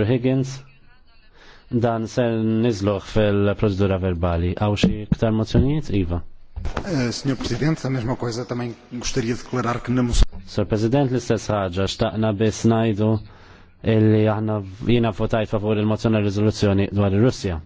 Higgins dan ser nizloħ fil prozedura verbali. Għaw xie ktar mozzjoniet, Iva? Eh, signor President, sa ma kważa ta' minn guxterji deklarar k'nimus. Sir President, l-istess ħagġa, xtaqna bis najdu illi aħna jina votajt favor il-mozzjoni rezoluzzjoni dwar il-Russja.